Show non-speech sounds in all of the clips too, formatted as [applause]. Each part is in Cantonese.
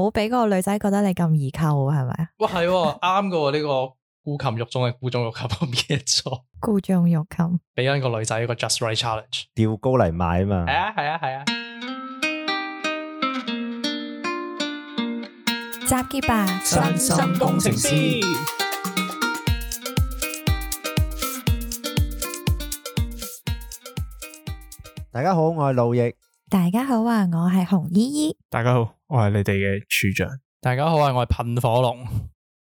唔好俾女仔覺得你咁易溝，係咪啊？哇，係啱噶，呢個故擒欲縱嘅故縱欲擒我唔記得咗，故縱欲擒俾一個女仔一個 just right challenge，吊高嚟賣啊嘛！係 [music] 啊，係啊，係啊！揸機吧，身 [music] 心工程師，大家好，我係路易。大家好啊，我係洪姨姨。大家好，我係你哋嘅處長。大家好啊，我係噴火龍。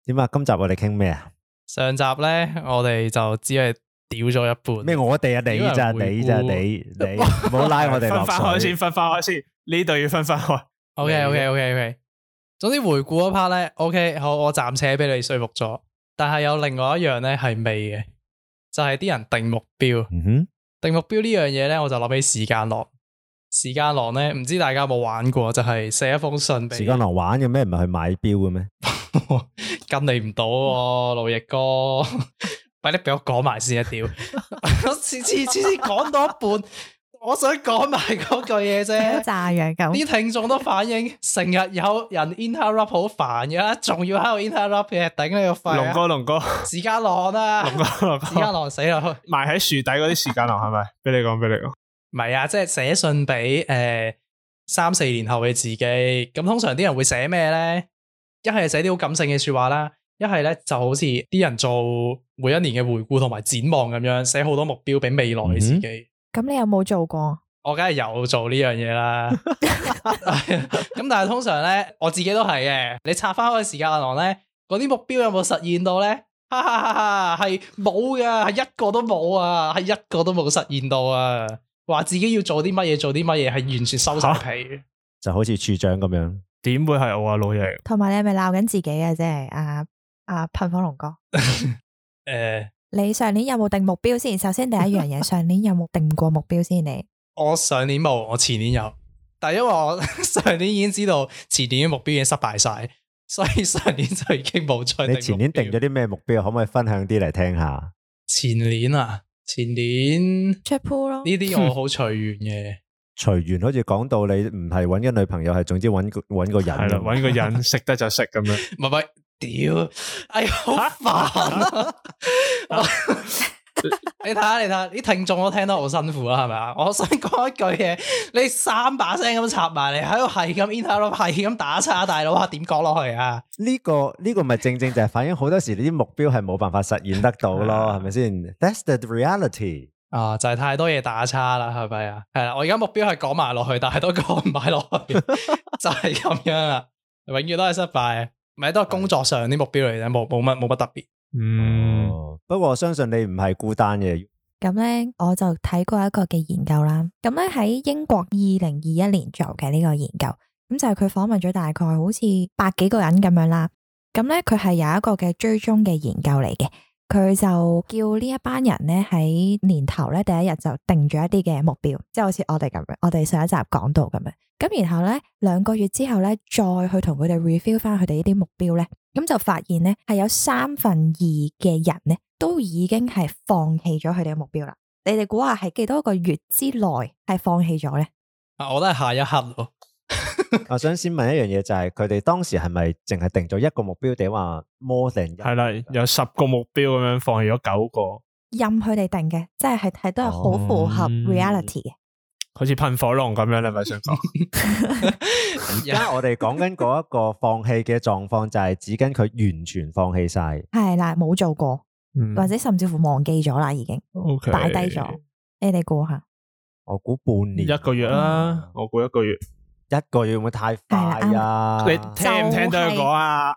點啊？今集我哋傾咩啊？上集咧，我哋就只係屌咗一半。咩？我哋啊，你咋？你咋？你 [laughs] 你唔好拉我哋落水 [laughs] 分翻開先，分翻開先。呢度要分翻開。OK，OK，OK，OK、okay, okay, okay, okay。總之回顧嗰 part 咧，OK，好，我暫且俾你說服咗。但係有另外一樣咧係未嘅，就係、是、啲人定目標。嗯、哼，定目標呢樣嘢咧，我就攞俾時間落。時間囊咧，唔知大家有冇玩過，就係寫一封信俾時間囊玩嘅咩？唔係去買表嘅咩？跟你唔到喎，路易哥，快啲俾我講埋先一屌，次次次次講到一半，我想講埋嗰句嘢啫，炸嘢咁。啲聽眾都反應，成日有人 interrupt 好煩嘅，仲要喺度 interrupt 嘢，頂你個肺。龍哥，龍哥，時間囊啊！龍哥，龍哥，時間囊死啦！埋喺樹底嗰啲時間囊係咪？俾你講，俾你講。唔係啊，即係寫信俾誒三四年後嘅自己。咁通常啲人會寫咩咧？一係寫啲好感性嘅說話啦，一係咧就好似啲人做每一年嘅回顧同埋展望咁樣，寫好多目標俾未來嘅自己。咁你有冇做過？Hmm. 我梗係有做呢樣嘢啦。咁 [laughs] [laughs] 但係通常咧，我自己都係嘅。你拆翻開個時間銀行咧，嗰啲目標有冇實現到咧？係冇㗎，係一個都冇啊，係一個都冇實現到啊！話自己要做啲乜嘢，做啲乜嘢係完全收晒皮嘅，就好似處長咁樣。點會係我啊，老爺？同埋你係咪鬧緊自己嘅啫？係啊啊，噴火龍哥。誒、 [laughs] 呃，你上年有冇定目標先？首先第一樣嘢，上 [laughs] 年有冇定過目標先？你 [laughs] 我上年冇，我前年有，但係因為我上年已經知道前年嘅目標已經失敗晒，所以上年就已經冇再。你前年定咗啲咩目標？可唔可以分享啲嚟聽下？前年啊。前年桌鋪咯，呢啲我隨緣、嗯、隨緣好隨緣嘅，隨緣好似講到你唔係搵緊女朋友，係總之搵搵個人係啦，搵 [laughs] 個人識得就識咁樣，唔係，屌，哎呀，好煩啊！啊啊啊 [laughs] [laughs] 你睇下，你睇下啲聽眾都聽得好辛苦啦，係咪啊？我想講一句嘢，你三把聲咁插埋嚟喺度，係咁 interrupt，係咁打叉，大佬啊，點講落去啊？呢個、呢個咪正正就係反映好多時你啲目標係冇辦法實現得到咯，係咪先 [laughs] ？That's the reality 啊！就係、係、太多嘢打叉啦，係咪啊？係啦，我而家目標係講埋落去，但係都講唔埋落去， [laughs] [laughs] 就係咁樣啦。永遠都係失敗，咪都係工作上啲目標嚟啫，冇冇乜冇乜特別。嗯。不過我相信你唔係孤單嘅。咁咧，我就睇過一個嘅研究啦。咁咧喺英國二零二一年做嘅呢個研究，咁就係佢訪問咗大概好似百幾個人咁樣啦。咁咧，佢係有一個嘅追蹤嘅研究嚟嘅。佢就叫呢一班人咧喺年頭咧第一日就定咗一啲嘅目標，即係好似我哋咁樣，我哋上一集講到咁樣。咁然後咧兩個月之後咧再去同佢哋 review 翻佢哋呢啲目標咧，咁就發現咧係有三分二嘅人咧。都已經係放棄咗佢哋嘅目標啦。你哋估下係幾多個月之內係放棄咗咧？啊，我都係下一刻咯。 [laughs] 我想先問一樣嘢，就是，就係佢哋當時係咪淨係定咗一個目標，定話 more than？係啦，有十個目標咁樣放棄咗九個。任佢哋定嘅，即係係係都係好符合 reality 嘅。好似，嗯，噴火龍咁樣你咪想 [laughs] [laughs] 講。而家我哋講緊嗰一個放棄嘅狀況，就係指緊佢完全放棄晒。係嗱，冇做過。或者甚至乎忘記咗啦，已經 Okay，擺低咗。你哋估下，我估半年一個月啦。我估一個月，一個月會唔會太快啊？你聽唔聽到佢講啊？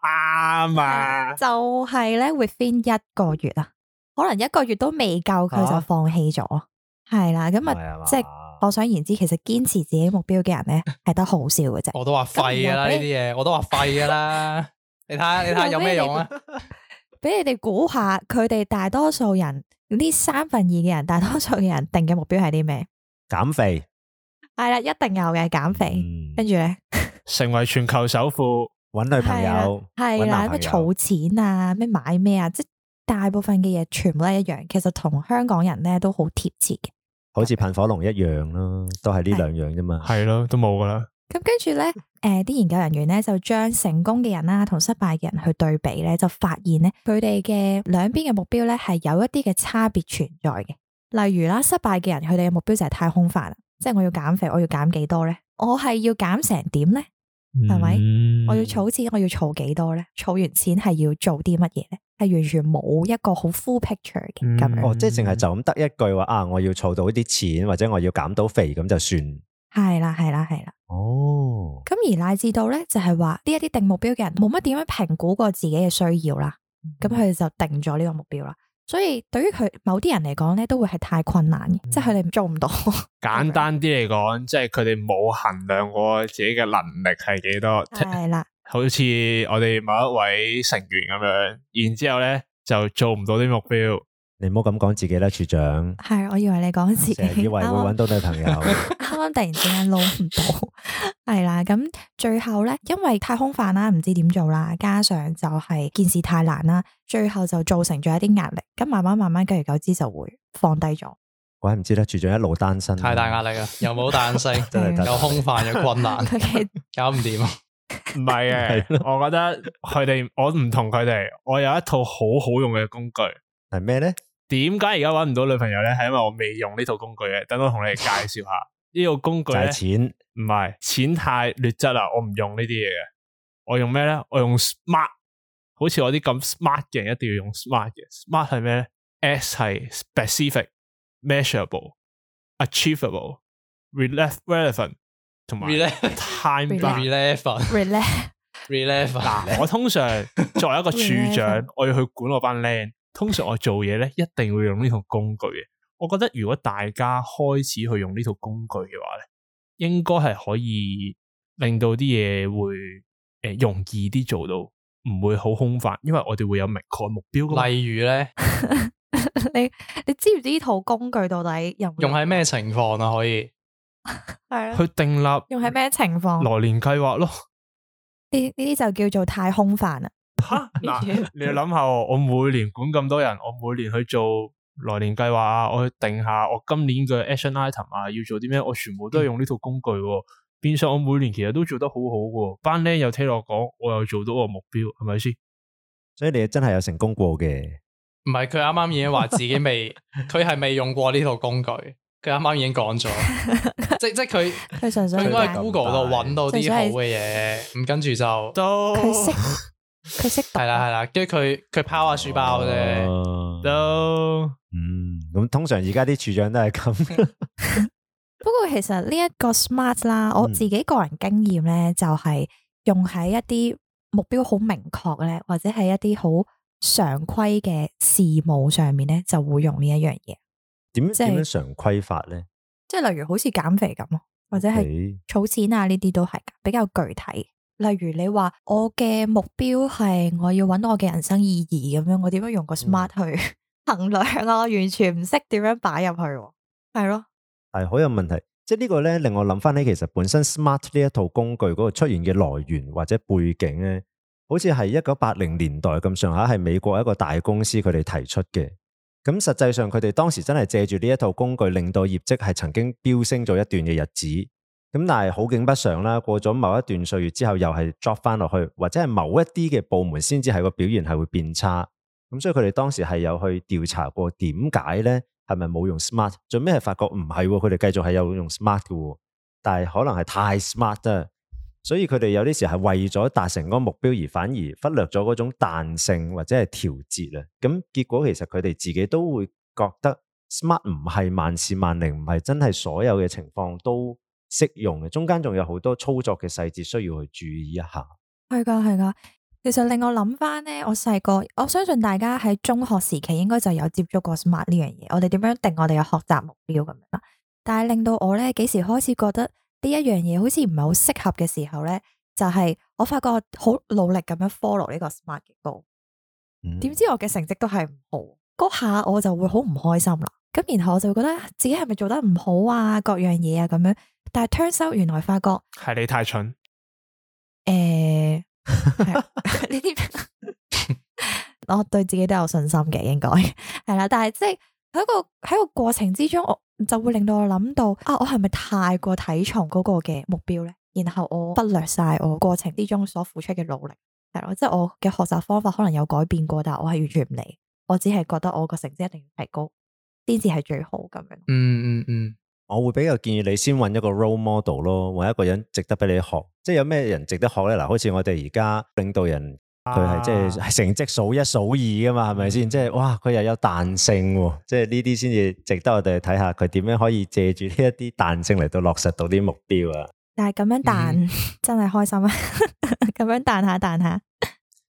啱啊，就係咧 within 一個月啊，可能一個月都未夠，佢就放棄咗。係啦，咁啊，即係我想言之，其實堅持自己目標嘅人咧，係得好少嘅啫。我都話廢噶啦呢啲嘢，我都話廢噶啦。你睇下，你睇下有咩用啊？俾你哋估下，佢哋大多數人呢三分二嘅人，大多數嘅人定嘅目標係啲咩？減肥，係啦、嗯，一定有嘅減肥。跟住咧，成為全球首富，揾女朋友，係啦，咩儲錢啊，咩買咩啊，即係大部分嘅嘢全部都係一樣。其實同香港人咧都貼好貼切嘅，好似噴火龍一樣咯，都係呢兩樣啫嘛。係咯的， [laughs] 都冇噶啦。咁跟住咧，誒、呃，啲研究人員咧就將成功嘅人啦、啊、同失敗嘅人去對比咧，就發現咧佢哋嘅兩邊嘅目標咧係有一啲嘅差別存在嘅。例如啦，失敗嘅人佢哋嘅目標就係太空泛啦，即係我要減肥，我要減幾多咧？我係要減成點咧？係咪、嗯？我要儲錢，我要儲幾多咧？儲完錢係要做啲乜嘢咧？係完全冇一個好 full picture 嘅咁樣、嗯。哦，即係淨係就咁得一句話：啊，我要儲到啲錢，或者我要減到肥咁就算。係啦，係啦，係啦。哦。咁、oh. 而乃至到咧，就係話呢一啲定目標嘅人冇乜點樣評估過自己嘅需要啦。咁佢哋就定咗呢個目標啦。所以對於佢某啲人嚟講咧，都會係太困難嘅，mm. 即係佢哋做唔到。簡單啲嚟講，即係佢哋冇衡量過自己嘅能力係幾多。係啦的。 [laughs] 好似我哋某一位成員咁樣，然之後咧就做唔到啲目標。你唔好咁講自己啦，處長。係，我以為你講自己，成日以為會搵到女朋友。啱啱 [laughs] [laughs] 突然之間撈唔到，係啦。 [laughs] [laughs] 咁最後咧，因為太空泛啦，唔知點做啦，加上就係件事太難啦，最後就造成咗一啲壓力。咁慢慢慢慢，久而久之就會放低咗。鬼唔、哎、知啦，處長一路單身，太大壓力啦，又冇單身， [laughs] 的真係 [laughs] 有空泛又困難， [laughs] 實搞唔掂啊！唔係嘅， [laughs] 我覺得佢哋我唔同佢哋，我有一套好好用嘅工具，係咩咧？點解而家揾唔到女朋友咧？係因為我未用呢套工具嘅。等我同你哋介紹下呢套工具。就係錢？唔係，錢太劣質啦。我唔用呢啲嘢嘅。我用咩咧？我用 smart。好似我啲咁 smart 嘅人，一定要用 smart 嘅。smart 係咩咧？S 係 specific、measurable、achievable、relevant 同埋 time bound。relevant、rele、relevant。嗱，我通常作為一個處長，我要去管我班靚。通常我做嘢咧，一定會用呢套工具嘅。我覺得如果大家開始去用呢套工具嘅話咧，應該係可以令到啲嘢會誒、呃、容易啲做到，唔會好空泛，因為我哋會有明確目標。例如咧 [laughs] ，你你知唔知呢套工具到底有有用用喺咩情況啊？可以係啊， [laughs] 去訂定立用喺咩情況？來年計劃咯。呢呢啲就叫做太空泛啦。嗱、 [laughs] 啊，你要諗下我，我每年管咁多人，我每年去做來年計劃啊，我去定下我今年嘅 action item 啊，要做啲咩？我全部都係用呢套工具，哦，變相我每年其實都做得好好嘅。班靚又聽我講，我又做到個目標，係咪先？所以你真係有成功過嘅。唔係，佢啱啱已經話自己未，佢係未用過呢套工具。佢啱啱已經講咗，即即係佢佢上上應該喺 Google 度搵到啲好嘅嘢，唔跟住就都到 [laughs] 佢識係啦，係啦，跟住佢佢拋下書包啫，哦、都嗯咁。通常而家啲處長都係咁。不過其實呢一個 SMART 啦，我自己個人經驗咧，嗯、就係用喺一啲目標好明確咧，或者係一啲好常規嘅事務上面咧，就會用呢一樣嘢。點樣點樣常規法咧？即係、就是、例如好似減肥咁，或者係儲錢啊呢啲都係噶，比較具體。例如你話我嘅目標係我要揾我嘅人生意義咁樣，我點樣用個 SMART 去衡量啊？嗯、 [laughs] 我完全唔識點樣擺入去，係咯？係好有問題，即係呢個咧令我諗翻起，其實本身 SMART 呢一套工具嗰個出現嘅來源或者背景咧，好似係一九八零年代咁上下係美國一個大公司佢哋提出嘅。咁實際上佢哋當時真係借住呢一套工具，令到業績係曾經飆升咗一段嘅日子。咁但係好景不常啦，過咗某一段歲月之後，又係 drop 翻落去，或者係某一啲嘅部門先至係個表現係會變差。咁所以佢哋當時係有去調查過點解咧，係咪冇用 smart？最尾係發覺唔係，佢哋繼續係有用 smart 嘅，但係可能係太 smart 啦。所以佢哋有啲時候係為咗達成嗰個目標而反而忽略咗嗰種彈性或者係調節啊。咁結果其實佢哋自己都會覺得 smart 唔係萬事萬靈，唔係真係所有嘅情況都。適用嘅，中間仲有好多操作嘅細節需要去注意一下。係噶，係噶。其實令我諗翻咧，我細個，我相信大家喺中學時期應該就有接觸過 SMART 呢樣嘢。我哋點樣定我哋嘅學習目標咁樣啦？但係令到我咧幾時開始覺得呢一樣嘢好似唔係好適合嘅時候咧，就係、是、我發覺好努力咁樣 follow 呢個 SMART 嘅高。點、嗯、知我嘅成績都係唔好，嗰下我就會好唔開心啦。咁然後我就覺得自己係咪做得唔好啊？各樣嘢啊咁樣。但係 turns out，原來發覺係你太蠢。誒、呃，呢啲 [laughs] [laughs] 我對自己都有信心嘅，應該係啦。但係即係喺個喺個過程之中，我就會令到我諗到啊，我係咪太過睇重嗰個嘅目標咧？然後我忽略晒我過程之中所付出嘅努力，係咯，即係我嘅學習方法可能有改變過，但係我係完全唔理，我只係覺得我個成績一定要提高，先至係最好咁樣。嗯嗯嗯。嗯嗯我會比較建議你先揾一個 role model 咯，揾一個人值得俾你學，即係有咩人值得學咧？嗱，好似我哋而家領導人，佢係即係成績數一數二噶嘛，係咪先？嗯、即係哇，佢又有彈性，啊，即係呢啲先至值得我哋睇下佢點樣可以借住呢一啲彈性嚟到落實到啲目標啊！但係咁樣彈、嗯、真係開心啊！咁 [laughs] 樣彈下彈下。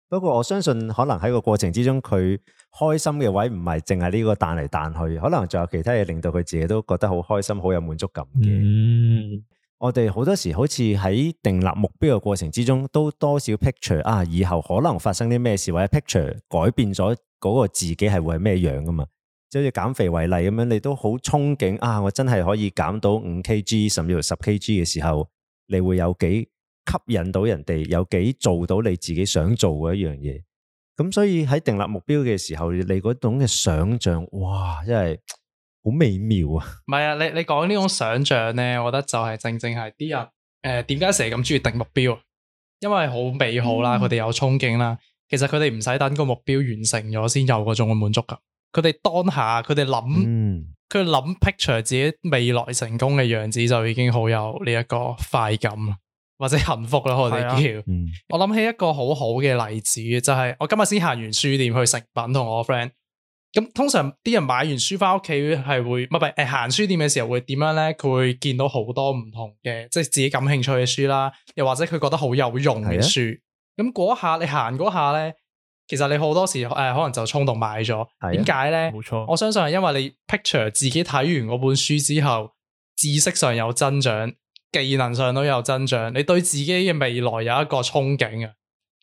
不過我相信，可能喺個過程之中，佢開心嘅位唔係淨係呢個彈嚟彈去，可能仲有其他嘢，令到佢自己都覺得好開心、好有滿足感嘅。嗯、我哋好多時候好似喺訂立目標嘅過程之中，都多少 picture 啊，以後可能發生啲咩事，或者 picture 改變咗嗰個自己係會係咩樣㗎嘛？就好似減肥為例咁樣，你都好憧憬啊！我真係可以減到五 kg，甚至十 kg 嘅時候，你會有幾？吸引到人哋有幾，做到你自己想做嘅一樣嘢。咁所以喺訂立目標嘅時候，你嗰種嘅想象，哇，真係好美妙啊！唔係啊，你你講呢種想象咧，我覺得就係正正係啲人誒，點解成日咁中意定目標？因為好美好啦，佢哋、嗯、有憧憬啦。其實佢哋唔使等個目標完成咗先有嗰種嘅滿足感。佢哋當下佢哋諗，佢諗、嗯、picture 自己未來成功嘅樣子就已經好有呢一個快感或者幸福啦、啊，啊嗯、我哋叫。我諗起一個好好嘅例子，就係、是、我今日先行完書店去食品同我 friend。咁通常啲人買完書返屋企係會，唔係誒行書店嘅時候會點樣咧？佢會見到好多唔同嘅，即係自己感興趣嘅書啦，又或者佢覺得好有用嘅書。咁嗰、啊、下你行嗰下咧，其實你好多時誒、呃、可能就衝動買咗。點解咧？冇錯。錯我相信係因為你 picture 自己睇完嗰本書之後，知識上有增長。技能上都有增長，你對自己嘅未來有一個憧憬啊！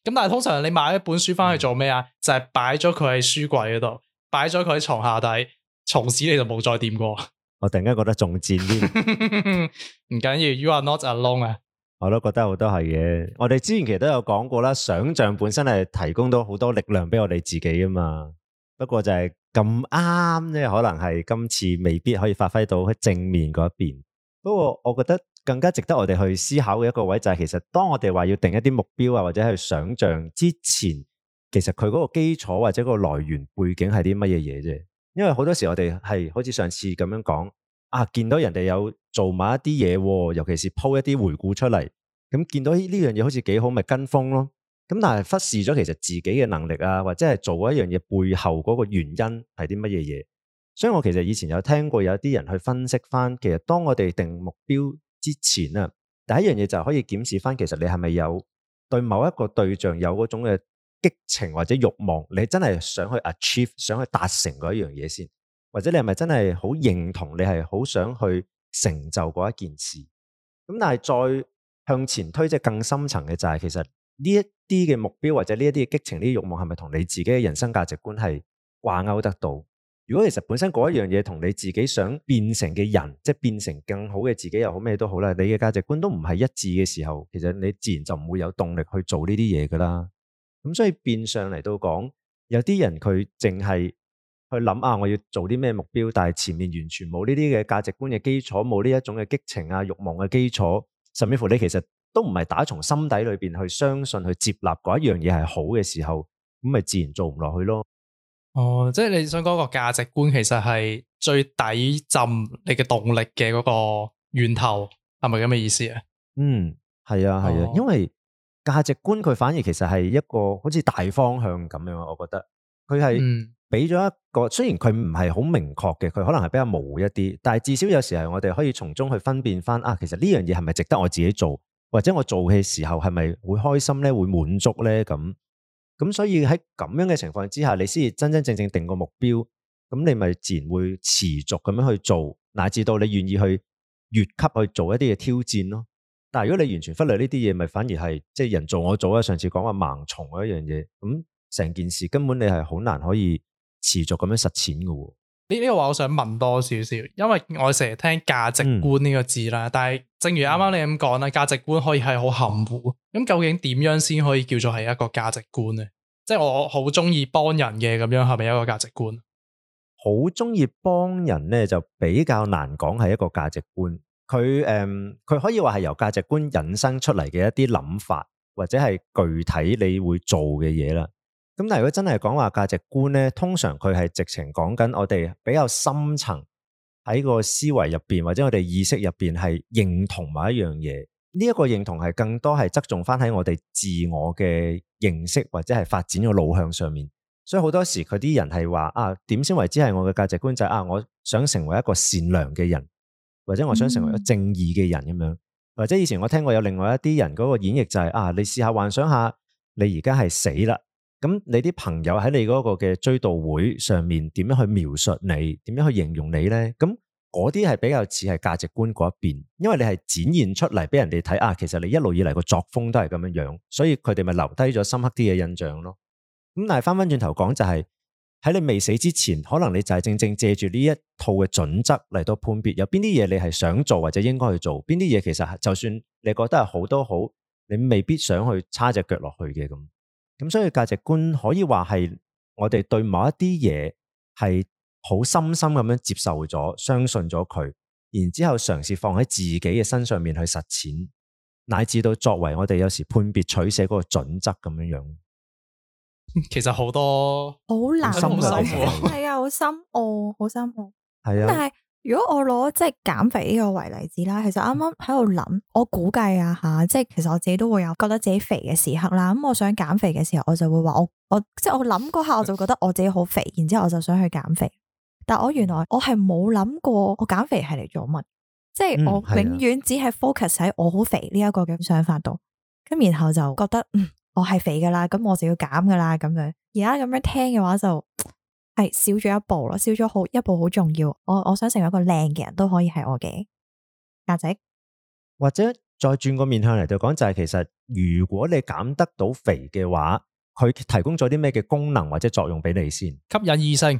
咁但係通常你買一本書翻去做咩啊？嗯、就係擺咗佢喺書櫃嗰度，擺咗佢喺床下底，從此你就冇再掂過。我突然間覺得仲賤啲，唔緊要，You are not alone 啊 [laughs] ！我都覺得好多係嘅，我哋之前其實都有講過啦，想象本身係提供到好多力量俾我哋自己啊嘛。不過就係咁啱啫，因為可能係今次未必可以發揮到喺正面嗰一邊。不過我覺得。更加值得我哋去思考嘅一個位就係，其實當我哋話要定一啲目標啊，或者去想象之前，其實，佢嗰個基礎或者個來源背景係啲乜嘢嘢啫。因為好多時我哋係好似上次咁樣講啊，見到人哋有做埋一啲嘢，尤其是鋪一啲回顧出嚟，咁見到呢樣嘢好似幾好，咪跟風咯。咁但係忽視咗其實自己嘅能力啊，或者係做一樣嘢背後嗰個原因係啲乜嘢嘢。所以我其實以前有聽過有啲人去分析翻，其實當我哋定目標。之前啊，第一樣嘢就可以檢視返，其實你係咪有對某一個對象有嗰種嘅激情或者欲望？你真係想去 achieve，想去達成嗰一樣嘢先，或者你係咪真係好認同？你係好想去成就嗰一件事？咁但係再向前推，即係更深層嘅就係，其實呢一啲嘅目標或者呢一啲嘅激情、呢啲欲望，係咪同你自己嘅人生價值觀係掛鈎得到？如果其實本身嗰一樣嘢同你自己想變成嘅人，即係變成更好嘅自己又好，好，咩都好啦，你嘅價值觀都唔係一致嘅時候，其實你自然就唔會有動力去做呢啲嘢噶啦。咁、嗯、所以變相嚟到講，有啲人佢淨係去諗啊，我要做啲咩目標，但係前面完全冇呢啲嘅價值觀嘅基礎，冇呢一種嘅激情啊、欲望嘅基礎，甚至乎你其實都唔係打從心底裏邊去相信、去接納嗰一樣嘢係好嘅時候，咁咪自然做唔落去咯。哦，即係你想講個價值觀，其實係最抵浸你嘅動力嘅嗰個源頭，係咪咁嘅意思、嗯、啊？嗯，係啊，係啊、哦，因為價值觀佢反而其實係一個好似大方向咁樣，我覺得佢係俾咗一個，嗯、雖然佢唔係好明確嘅，佢可能係比較模糊一啲，但係至少有時係我哋可以從中去分辨翻啊，其實呢樣嘢係咪值得我自己做，或者我做嘅時候係咪會開心咧，會滿足咧咁。咁所以喺咁樣嘅情況之下，你先至真真正正定個目標，咁你咪自然會持續咁樣去做，乃至到你願意去越級去做一啲嘢挑戰咯。但係如果你完全忽略呢啲嘢，咪反而係即係人做我做啊。上次講話盲從嗰一樣嘢，咁成件事根本你係好難可以持續咁樣實踐㗎喎。呢呢個，話我想問多少少，因為我成日聽價值觀呢個字啦，嗯、但係正如啱啱你咁講啦，價值觀可以係好含糊，咁究竟點樣先可以叫做係一個價值觀咧？即係我好中意幫人嘅咁樣，係咪一個價值觀？好中意幫人咧，就比較難講係一個價值觀。佢誒，佢、嗯、可以話係由價值觀引申出嚟嘅一啲諗法，或者係具體你會做嘅嘢啦。咁但係如果真係講話價值觀咧，通常佢係直情講緊我哋比較深層喺個思維入邊，或者我哋意識入邊係認同某一樣嘢。呢、這、一個認同係更多係側重翻喺我哋自我嘅認識或者係發展嘅路向上面。所以好多時佢啲人係話啊，點先為之係我嘅價值觀就係、是、啊，我想成為一個善良嘅人，或者我想成為一個正義嘅人咁樣。嗯、或者以前我聽過有另外一啲人嗰個演繹就係、是、啊，你試下幻想下，你而家係死啦。咁你啲朋友喺你嗰個嘅追悼會上面，點樣去描述你？點樣去形容你咧？咁嗰啲係比較似係價值觀嗰一邊，因為你係展現出嚟俾人哋睇啊，其實你一路以嚟個作風都係咁樣樣，所以佢哋咪留低咗深刻啲嘅印象咯。咁但係翻翻轉頭講就係喺你未死之前，可能你就係正正借住呢一套嘅準則嚟到判別，有邊啲嘢你係想做或者應該去做，邊啲嘢其實就算你覺得係好都好，你未必想去插隻腳落去嘅咁。咁所以價值觀可以話係我哋對某一啲嘢係好深深咁樣接受咗，相信咗佢，然之後嘗試放喺自己嘅身上面去實踐，乃至到作為我哋有時判別取捨嗰個準則咁樣樣。其實好多好 [laughs] 難，係啊，好深奧，好深奧。係啊。如果我攞即係減肥呢個為例子啦，其實啱啱喺度諗，我估計啊吓，即係其實我自己都會有覺得自己肥嘅時刻啦。咁，嗯，我想減肥嘅時候，我就會話我我即係我諗嗰刻，我，我，我，刻我就覺得我自己好肥，然之後我就想去減肥。但我原來我係冇諗過我減肥係嚟做乜，即係我永遠只係 focus 喺我好肥呢一個嘅想法度。咁然後就覺得嗯，我係肥噶啦，咁我就要減噶啦咁樣。而家咁樣聽嘅話就。係、哎、少咗一步咯，少咗好一步好重要。我我想成為一個靚嘅人都可以係我嘅顏值，姐姐或者再轉個面向嚟對講，就係其實如果你減得到肥嘅話，佢提供咗啲咩嘅功能或者作用俾你先？吸引異性、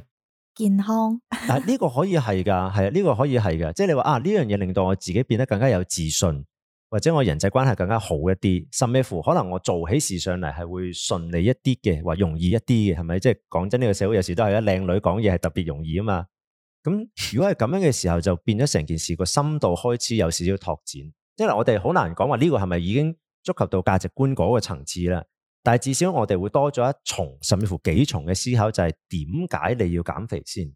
健康。 [laughs] 啊，呢、呢個可以係噶，係啊，呢個可以係噶，即係你話啊呢樣嘢令到我自己變得更加有自信。或者我人際關係更加好一啲，甚至乎可能我做起事上嚟係會順利一啲嘅，或容易一啲嘅，係咪？即係講真，呢個社會有時都係一靚女講嘢係特別容易啊嘛。咁如果係咁樣嘅時候，就變咗成件事個深度開始有少少拓展，即係我哋好難講話呢個係咪已經觸及到價值觀嗰個層次啦。但係至少我哋會多咗一重，甚至乎幾重嘅思考，就係點解你要減肥先？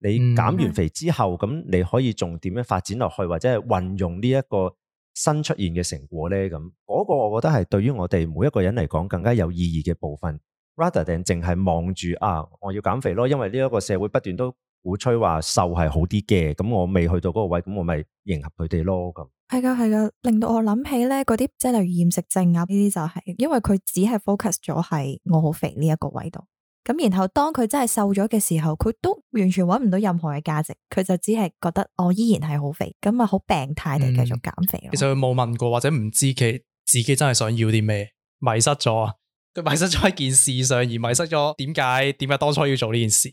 你減完肥之後，咁你可以仲點樣發展落去，或者係運用呢一個？新出現嘅成果咧，咁、那、嗰個我覺得係對於我哋每一個人嚟講更加有意義嘅部分，rather than 淨係望住啊，我要減肥咯，因為呢一個社會不斷都鼓吹話瘦係好啲嘅，咁我未去到嗰個位，咁我咪迎合佢哋咯，咁係噶係噶，令到我諗起咧嗰啲，即係例如厭食症啊呢啲就係、是，因為佢只係 focus 咗係我好肥呢一個位度。咁然後當佢真係瘦咗嘅時候，佢都完全揾唔到任何嘅價值，佢就只係覺得我依然係好肥，咁啊好病態地繼續減肥。嗯、其實佢冇問過或者唔知佢自，自己真係想要啲咩，迷失咗，佢迷失咗喺件事上，而迷失咗點解點解當初要做呢件事。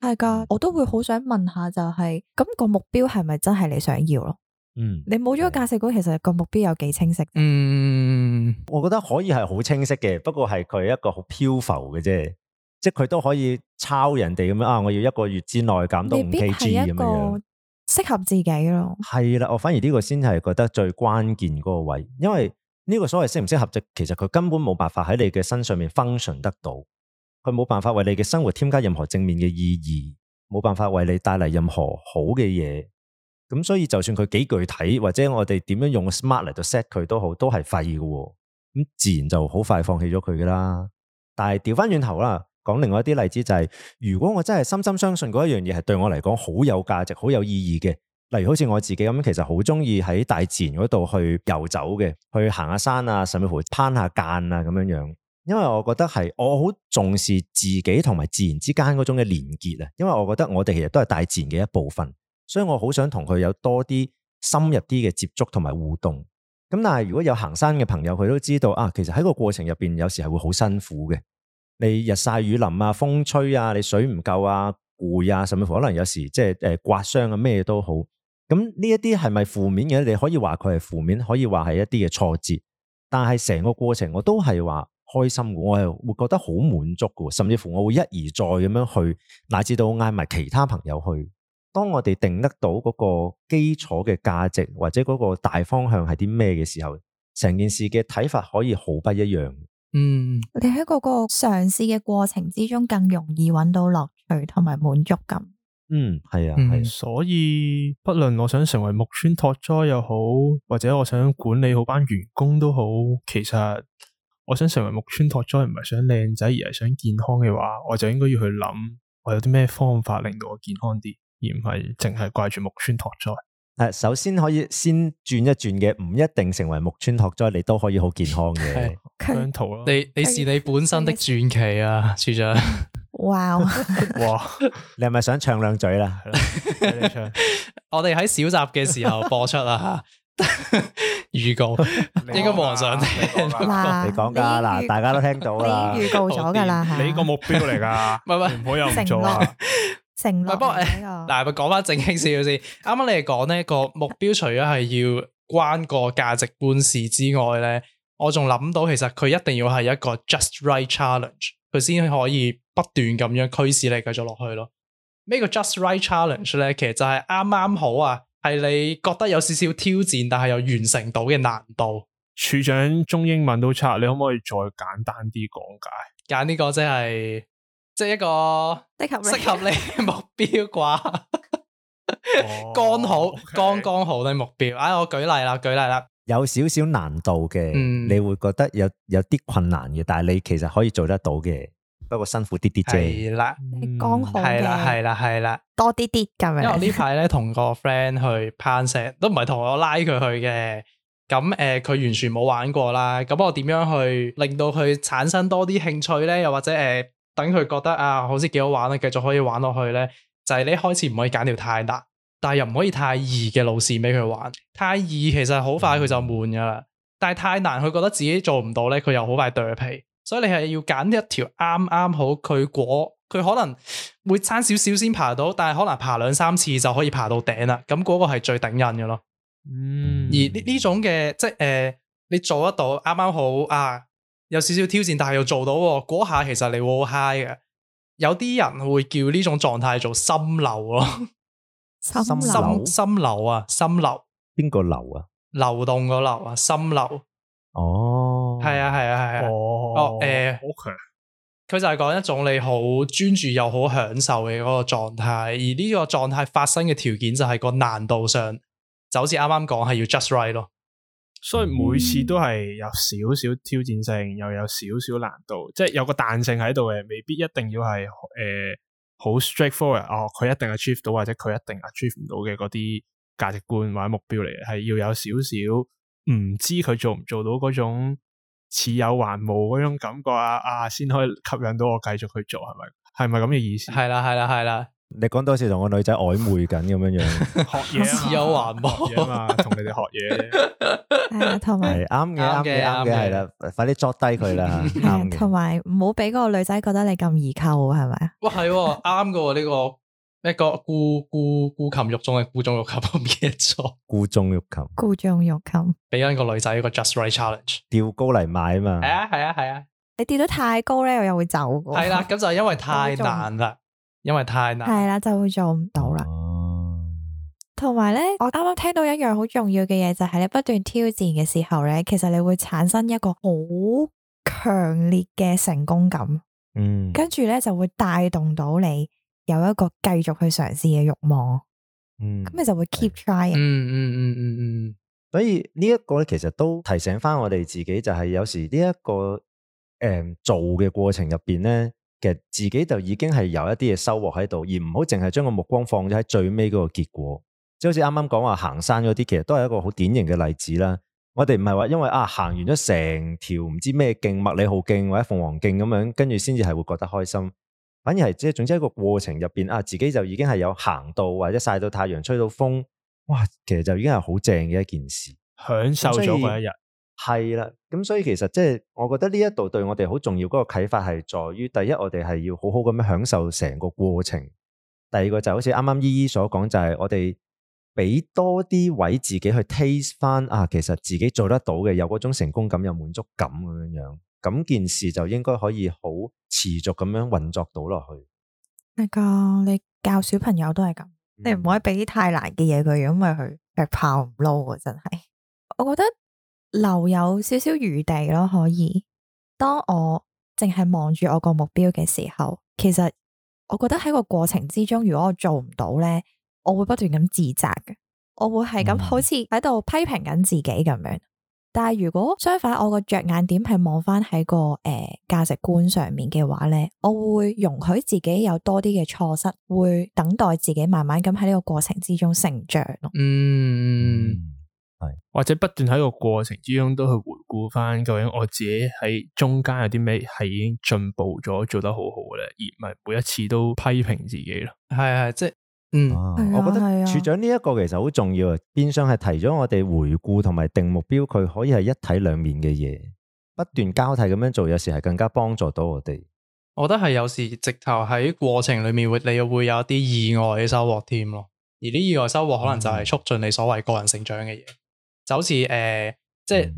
係噶，我都會好想問下、就係，就係咁個目標係咪真係你想要咯？嗯，你冇咗個價值觀，其實個目標有幾清晰？嗯，我覺得可以係好清晰嘅，不過係佢一個好漂浮嘅啫。即係佢都可以抄人哋咁樣啊！我要一個月之內減到五 Kg 咁樣樣，適合自己咯。係啦，我反而呢個先係覺得最關鍵嗰個位，因為呢個所謂適唔適合，即其實佢根本冇辦法喺你嘅身上面 function 得到，佢冇辦法為你嘅生活添加任何正面嘅意義，冇辦法為你帶嚟任何好嘅嘢。咁所以就算佢幾具體，或者我哋點樣用 smart 嚟到 set 佢都好，都係廢嘅。咁自然就好快就放棄咗佢噶啦。但係調翻轉頭啦。講另外一啲例子就係，如果我真係深深相信嗰一樣嘢係對我嚟講好有價值、好有意義嘅，例如好似我自己咁，其實好中意喺大自然嗰度去遊走嘅，去行下山啊，甚至乎攀下間啊咁樣樣。因為我覺得係我好重視自己同埋自然之間嗰種嘅連結啊。因為我覺得我哋其實都係大自然嘅一部分，所以我好想同佢有多啲深入啲嘅接觸同埋互動。咁但係如果有行山嘅朋友，佢都知道啊，其實喺個過程入邊有時係會好辛苦嘅。你日曬雨淋啊，風吹啊，你水唔夠啊，攰啊，甚至乎可能有時即係誒刮傷啊，咩都好。咁呢一啲係咪負面嘅？你可以話佢係負面，可以話係一啲嘅挫折。但係成個過程我都係話開心，我係會覺得好滿足嘅，甚至乎我會一而再咁樣去，乃至到嗌埋其他朋友去。當我哋定得到嗰個基礎嘅價值或者嗰個大方向係啲咩嘅時候，成件事嘅睇法可以毫不一樣。嗯，我哋喺嗰個嘗試嘅過程之中，更容易揾到樂趣同埋滿足感。嗯，係啊，係、啊嗯。所以不論我想成為木村拓哉又好，或者我想管理好班員工都好，其實我想成為木村拓哉，唔係想靚仔，而係想健康嘅話，我就應該要去諗我有啲咩方法令到我健康啲，而唔係淨係掛住木村拓哉。誒，首先可以先轉一轉嘅，唔一定成為木村拓哉，你都可以好健康嘅。係，兩圖咯。你你是你本身的傳奇啊，處長。哇！哇！你係咪想唱兩嘴啦？我哋喺小集嘅時候播出啊，預告應該冇人想聽啦。你講噶啦，嗱，大家都聽到啦。你預告咗噶啦，係。你個目標嚟噶，唔係唔好又唔做啊。不 [laughs] 過嗱，我講翻正經事先。啱啱你哋講呢個目標，除咗係要關個價值觀事之外咧，我仲諗到其實佢一定要係一個 just right challenge，佢先可以不斷咁樣驅使你繼續落去咯。咩叫 just right challenge 咧？其實就係啱啱好啊，係 [laughs] 你覺得有少少挑戰，但係又完成到嘅難度。處長中英文都差，你可唔可以再簡單啲講解？揀呢個即係。即係一個適合你嘅目標啩，剛 [laughs] 好、oh, okay. 剛剛好嘅目標。哎，我舉例啦，舉例啦，有少少難度嘅，嗯、你會覺得有有啲困難嘅，但係你其實可以做得到嘅，不過辛苦啲啲啫。係啦，嗯、剛好係啦，係啦，係啦，啦多啲啲咁樣。因為我呢排咧同個 friend 去攀石，都唔係同我拉佢去嘅。咁誒，佢、呃、完全冇玩過啦。咁我點樣去令到佢產生多啲興趣咧？又或者誒？呃等佢覺得啊，好似幾好玩咧，繼續可以玩落去呢就係、是、你開始唔可以揀條太難，但係又唔可以太易嘅路線俾佢玩。太易其實好快佢就悶噶啦，但係太難佢覺得自己做唔到呢佢又好快掉皮。所以你係要揀一條啱啱好，佢果佢可能會差少少先爬到，但係可能爬兩三次就可以爬到頂啦。咁嗰個係最頂癮嘅咯。嗯，而呢呢種嘅即係、呃、你做得到啱啱好啊。有少少挑戰，但係又做到，嗰下其實你會好 high 嘅。有啲人會叫呢種狀態做心流咯，心流，心流啊，心流。邊個流啊？流動個流啊，心流。哦，係啊，係啊，係啊。哦，誒，ok，佢就係講一種你好專注又好享受嘅嗰個狀態，而呢個狀態發生嘅條件就係個難度上，就好似啱啱講係要 just right 咯。所以每次都係有少少挑戰性，又有少少難度，即係有個彈性喺度嘅，未必一定要係誒好 straightforward。哦，佢一定 achieve 到，或者佢一定 achieve 唔到嘅嗰啲價值觀或者目標嚟，係要有少少唔知佢做唔做到嗰種似有還無嗰種感覺啊，啊，先可以吸引到我繼續去做，係咪？係咪咁嘅意思？係啦，係啦，係啦。你講多次同個女仔曖昧緊咁樣樣，學嘢自有還波嘛，同你哋學嘢，係啊，同埋啱嘅，啱嘅係啦，快啲捉低佢啦，同埋唔好俾個女仔覺得你咁易溝，係咪啊？哇，係啱嘅呢個，一個孤孤孤擒欲縱嘅孤縱欲擒唔記得錯，孤縱欲擒，孤縱欲擒，俾緊個女仔一個 just right challenge，吊高嚟賣啊嘛，係啊，係啊，係啊，你跌得太高咧，我又會走嘅，係啦，咁就因為太難啦。因為太難係啦，就會做唔到啦。同埋咧，我啱啱聽到一樣好重要嘅嘢，就係、是、你不斷挑戰嘅時候咧，其實你會產生一個好強烈嘅成功感。嗯，跟住咧就會帶動到你有一個繼續去嘗試嘅欲望。嗯，咁你就會 keep trying，嗯。嗯嗯嗯嗯嗯。所以呢一個咧，其實都提醒翻我哋自己，就係、是、有時呢、這、一個誒、嗯、做嘅過程入邊咧，其實自己就已經係有一啲嘢收穫喺度，而唔好淨係將個目光放咗喺最尾嗰個結果。即係好似啱啱講話行山嗰啲，其實都係一個好典型嘅例子啦。我哋唔係話因為啊行完咗成條唔知咩徑，麥理浩徑或者鳳凰徑咁樣，跟住先至係會覺得開心。反而係即係總之喺個過程入邊啊，自己就已經係有行到或者曬到太陽、吹到風，哇！其實就已經係好正嘅一件事，享受咗嗰一日。係啦，咁所以其實即係，我覺得呢一度對我哋好重要嗰個啟發係在於，第一我哋係要好好咁樣享受成個過程，第二個就好似啱啱依依所講，就係我哋俾多啲位自己去 taste 翻啊，其實自己做得到嘅，有嗰種成功感、有滿足感咁樣樣，咁件事就應該可以好持續咁樣運作到落去。那個你教小朋友都係咁，嗯，你唔可以俾太難嘅嘢佢，因為佢劈炮唔撈啊！真係，我覺得。留有少少餘地咯，可以。當我淨係望住我個目標嘅時候，其實我覺得喺個過程之中，如果我做唔到呢，我會不斷咁自責嘅，我會係咁、嗯、好似喺度批評緊自己咁樣。但係如果相反，我個着眼點係望翻喺個誒、呃、價值觀上面嘅話呢，我會容許自己有多啲嘅錯失，會等待自己慢慢咁喺呢個過程之中成長咯。嗯。是或者不斷喺個過程之中都去回顧翻，究竟我自己喺中間有啲咩係已經進步咗，做得好好嘅，而唔係每一次都批評自己咯。係係即係，嗯，啊啊啊，我覺得處長呢一個其實好重要啊。變相係提咗我哋回顧同埋定目標，佢可以係一體兩面嘅嘢，不斷交替咁樣做，有時係更加幫助到我哋。我覺得係有時直頭喺過程裏面會你會有啲意外嘅收穫添咯，而啲意外收穫可能就係促進你所謂個人成長嘅嘢。嗯就好似誒、呃，即係呢、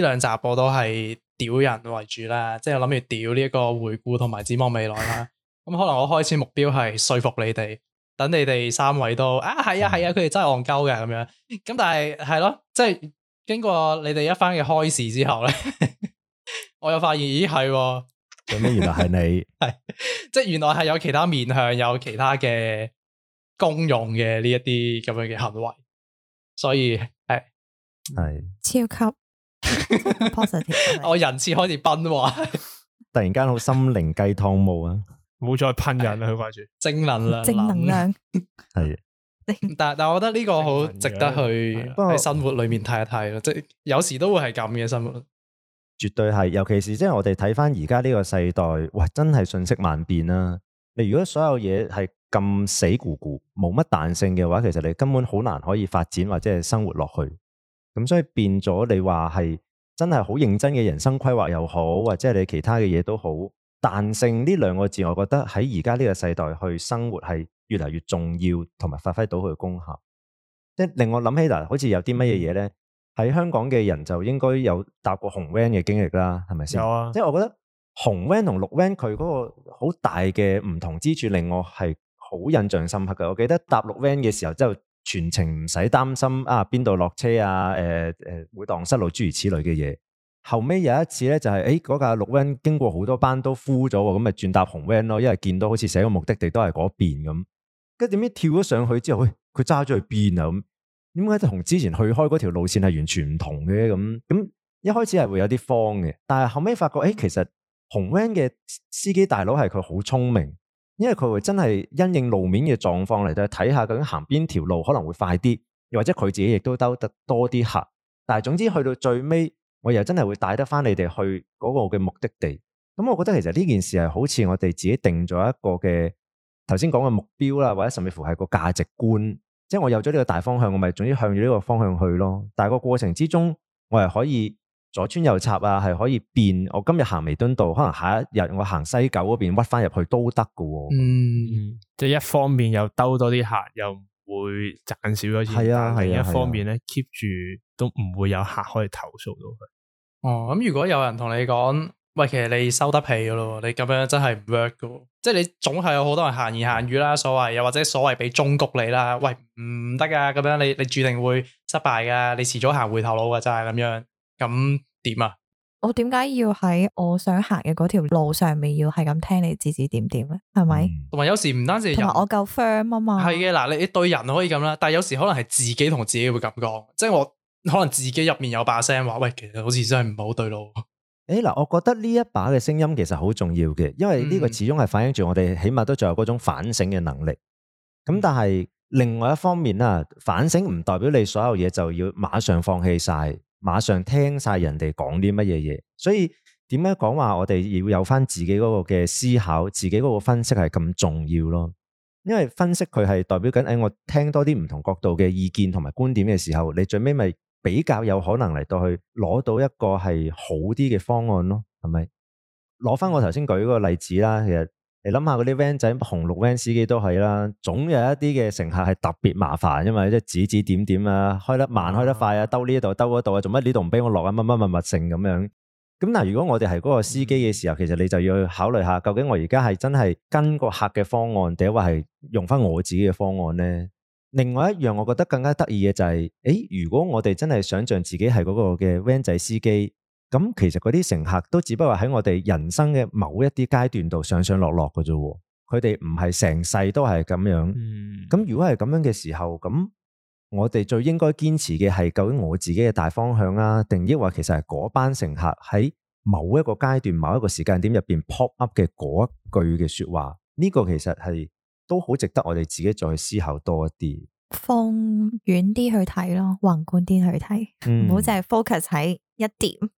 嗯、兩集我都係屌人為主啦，即係我諗住屌呢一個回顧同埋展望未來啦。咁 [laughs] 可能我開始目標係說服你哋，等你哋三位都啊係啊係啊，佢哋、啊啊啊啊、真係戇鳩嘅咁樣。咁但係係咯，即係經過你哋一番嘅開示之後咧， [laughs] 我又發現咦係，咁樣、啊、原來係你係 [laughs] ，即係原來係有其他面向，有其他嘅功用嘅呢一啲咁樣嘅行為，所以。係是超級 [laughs] [laughs] 我人設開始崩， [laughs] 突然間好心靈雞湯霧啊！冇 [laughs] 再噴人啦，佢掛住正能量，量，正能量係。但但我覺得呢個好值得去喺生活裏面睇一睇咯，的即係有時都會係咁嘅生活。絕對係，尤其是即係我哋睇返而家呢個世代，哇！真係瞬息萬變啦、啊。你如果所有嘢係咁死咕咕，冇乜彈性嘅話，其實你根本好難可以發展或者係生活落去。咁、嗯、所以變咗你話係真係好認真嘅人生規劃又好，或者你其他嘅嘢都好，彈性呢兩個字，我覺得喺而家呢個世代去生活係越嚟越重要，同埋發揮到佢嘅功效。即係令我諗起嗱，好似有啲乜嘢嘢咧，喺香港嘅人就應該有搭過紅 van 嘅經歷啦，係咪先？有啊，即係我覺得紅 van 同綠 van 佢嗰個好大嘅唔同之處，令我係好印象深刻嘅。我記得搭綠 van 嘅時候之後。全程唔使擔心啊，邊度落車啊？誒、呃、誒，會盪失路諸如此類嘅嘢。後尾有一次咧、就係，就係誒嗰架綠 van 經過好多班都 full 咗，咁咪轉搭紅 van 咯。因為見到好似寫個目的地都係嗰邊咁，跟住點知跳咗上去之後，佢揸咗去邊啊？咁點解同之前去開嗰條路線係完全唔同嘅咁？咁一開始係會有啲慌嘅，但係後尾發覺誒、欸，其實紅 van 嘅司機大佬係佢好聰明。因為佢會真係因應路面嘅狀況嚟到睇下究竟行邊條路，可能會快啲，又或者佢自己亦都兜得多啲客。但係總之去到最尾，我又真係會帶得翻你哋去嗰個嘅目的地。咁、嗯、我覺得其實呢件事係好似我哋自己定咗一個嘅頭先講嘅目標啦，或者甚至乎係個價值觀，即係我有咗呢個大方向，我咪總之向住呢個方向去咯。但係個過程之中，我係可以。左穿右插啊，係可以變。我今日行彌敦道，可能下一日我行西九嗰邊屈翻入去都得噶。嗯，嗯即係一方面又兜多啲客，又會賺少咗錢。係啊，係啊，係啊。另一方面咧，keep 住都唔會有客可以投訴到佢。哦，咁如果有人同你講，喂，其實你收得屁噶咯，你咁樣真係唔 work 噶。即係你總係有好多人閒言閒語啦，所謂又或者所謂俾忠告你啦，喂，唔得噶，咁樣你你，你注定會失敗噶，你遲早行遲早回頭路噶，就係咁樣。咁點啊？我點解要喺我想行嘅嗰條路上面要係咁聽你指指點點咧？係咪？同埋、嗯、有時唔單止同埋我夠 friend 啊嘛。係嘅嗱，你對人可以咁啦，但係有時可能係自己同自己會咁講，即係我可能自己入面有把聲話喂，其實好似真係唔係好對路。誒嗱、欸，我覺得呢一把嘅聲音其實好重要嘅，因為呢個始終係反映住我哋起碼都仲有嗰種反省嘅能力。咁、嗯、但係另外一方面啦，反省唔代表你所有嘢就要馬上放棄晒。馬上聽晒人哋講啲乜嘢嘢，所以點解講話我哋要有翻自己嗰個嘅思考，自己嗰個分析係咁重要咯？因為分析佢係代表緊，誒、哎，我聽多啲唔同角度嘅意見同埋觀點嘅時候，你最尾咪比較有可能嚟到去攞到一個係好啲嘅方案咯，係咪？攞翻我頭先舉嗰個例子啦，其實。你諗下嗰啲 van 仔，紅綠 van 司機都係啦，總有一啲嘅乘客係特別麻煩，因為即係指指點點啊，開得慢，開得快啊，兜呢一度，兜嗰度啊，做乜呢度唔俾我落啊，乜乜乜乜剩咁樣。咁但如果我哋係嗰個司機嘅時候，其實你就要考慮一下，究竟我而家係真係跟個客嘅方案，定或係用翻我自己嘅方案呢？另外一樣，我覺得更加得意嘅就係、誒，如果我哋真係想象自己係嗰個嘅 van 仔司機。咁其實嗰啲乘客都只不過喺我哋人生嘅某一啲階段度上上落落嘅啫，佢哋唔係成世都係咁樣。咁、嗯、如果係咁樣嘅時候，咁我哋最應該堅持嘅係究竟我自己嘅大方向啦、啊，定抑或其實係嗰班乘客喺某一個階段、某一個時間點入邊 pop up 嘅嗰一句嘅說話？呢、呢個其實係都好值得我哋自己再思考多一啲，放遠啲去睇咯，宏觀啲去睇，唔好淨係 focus 喺一點。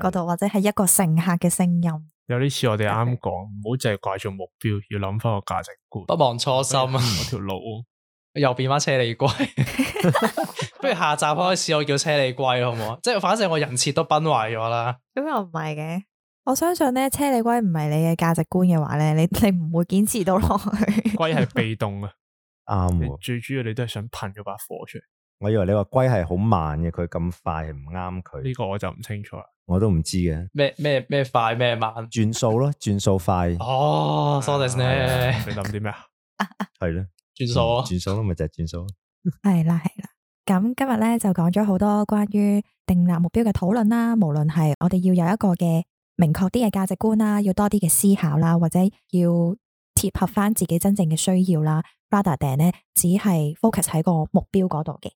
嗰度或者係一個乘客嘅聲音。有啲似我哋啱講，唔好淨係掛住目標，要諗翻個價值觀。不忘初心條啊！條路又變翻車厘龜。 [laughs] [laughs] 不如下集開始我叫車厘龜好唔好？即係反正我人設都崩壞咗啦。咁又唔係嘅，我相信咧，車厘龜唔係你嘅價值觀嘅話咧，你你唔會堅持到落去。龜 [laughs] 係被動啊，啱。 [laughs] 最主要你都係想噴咗把火出嚟。我以為你話龜係好慢嘅，佢咁快唔啱。佢呢個我就唔清楚啦，我都唔知嘅咩咩咩快咩慢轉數咯，轉數快哦，sorry 你諗啲咩啊？係咯、啊，轉數的，轉數咪就係轉數係啦係啦，咁 [laughs] 今日咧就講咗好多關於定立目標嘅討論啦，無論係我哋要有一個嘅明確啲嘅價值觀啦，要多啲嘅思考啦，或者要貼合翻自己真正嘅需要啦，rather than 咧只係 focus 喺個目標嗰度嘅。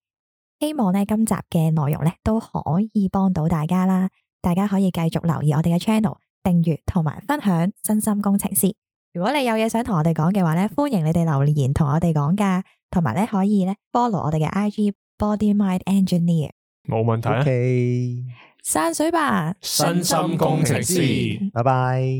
希望咧今集嘅內容咧都可以幫到大家啦，大家可以繼續留意我哋嘅 channel 訂閱同埋分享。身心工程師，如果你有嘢想同我哋講嘅話咧，歡迎你哋留言同我哋講噶，同埋咧可以咧 follow 我哋嘅 IG Body Mind Engineer。冇問題啊，Okay 散水吧，身心工程師，拜拜。